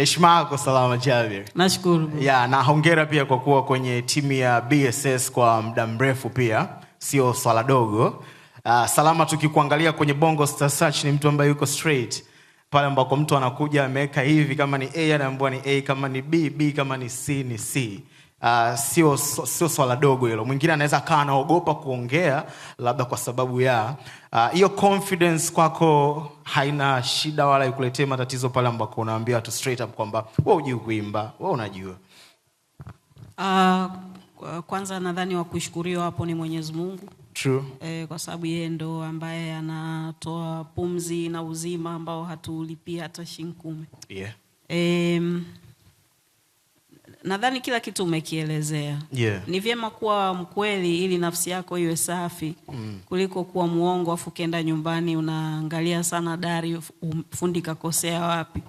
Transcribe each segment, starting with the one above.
Heshima yako Salama javier Nashukuru. ya na hongera pia kwa kuwa kwenye timu ya BSS kwa muda mrefu pia, sio swala dogo. Uh, Salama, tukikuangalia kwenye Bongo Star Search ni mtu ambaye yuko straight pale ambako mtu anakuja ameweka hivi, kama ni A anaambua ni A, kama ni B B, kama ni C ni C. Uh, sio, sio swala dogo hilo. Mwingine anaweza akawa anaogopa kuongea labda kwa sababu ya ah, hiyo uh, confidence kwako haina shida wala ikuletee matatizo pale ambako unaambia watu straight up kwamba wewe hujui kuimba, wewe unajua. Uh, kwanza nadhani wa kushukuriwa hapo ni Mwenyezi Mungu. True. E, kwa sababu yeye ndo ambaye anatoa pumzi na uzima ambao hatulipi hata shilingi Yeah. e, nadhani kila kitu umekielezea. Yeah. Ni vyema kuwa mkweli ili nafsi yako iwe safi mm. kuliko kuwa mwongo afu ukienda nyumbani unaangalia sana dari fundi kakosea wapi,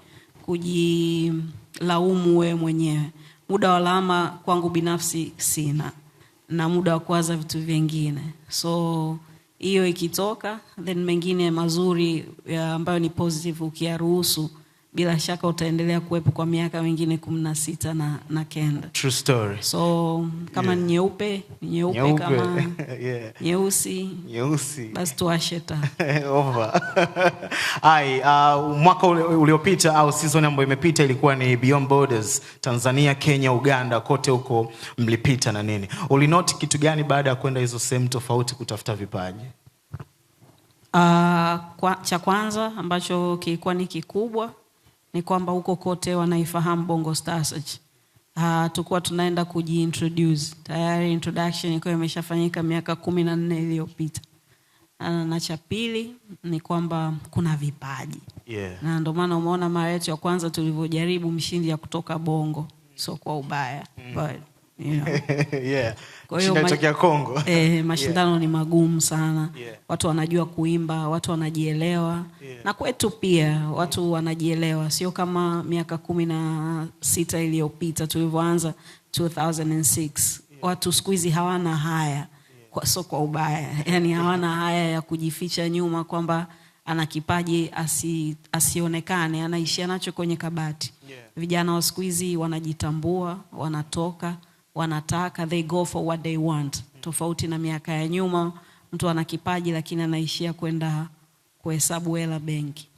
kujilaumu wewe mwenyewe. Muda wa lama kwangu binafsi sina, na muda wa kuwaza vitu vingine, so hiyo ikitoka, then mengine mazuri ambayo ni positive ukiyaruhusu bila shaka utaendelea kuwepo kwa miaka mingine kumi na sita na, na kenda. True story. So kama ni nyeupe ni nyeupe, kama nyeusi nyeusi, basi tuwashe taa. Over. Ai, uh, mwaka uliopita au season ambayo imepita ilikuwa ni Beyond Borders, Tanzania, Kenya, Uganda, kote huko mlipita na nini, ulinoti kitu gani baada ya kwenda hizo sehemu tofauti kutafuta vipaji? Uh, kwa, cha kwanza ambacho kilikuwa ni kikubwa ni kwamba huko kote wanaifahamu Bongo Star Search. Uh, tukuwa tunaenda kujiintroduce tayari introduction ikiwa imeshafanyika miaka kumi na nne iliyopita na cha pili ni kwamba kuna vipaji yeah. Na ndio maana umeona mara yetu ya kwanza tulivyojaribu mshindi ya kutoka Bongo, sio kwa ubaya mm. but yeah. Eh, mashindano yeah. ni magumu sana yeah. Watu wanajua kuimba, watu wanajielewa yeah. Na kwetu pia watu wanajielewa, sio kama miaka kumi na sita iliyopita tulivyoanza 2006 yeah. Watu siku hizi hawana haya kwa so kwa ubaya, yani hawana haya ya kujificha nyuma kwamba ana kipaji asi, asionekane, anaishia nacho kwenye kabati yeah. Vijana wa siku hizi wanajitambua, wanatoka wanataka, they go for what they want, tofauti na miaka ya nyuma, mtu ana kipaji lakini anaishia kwenda kuhesabu hela benki.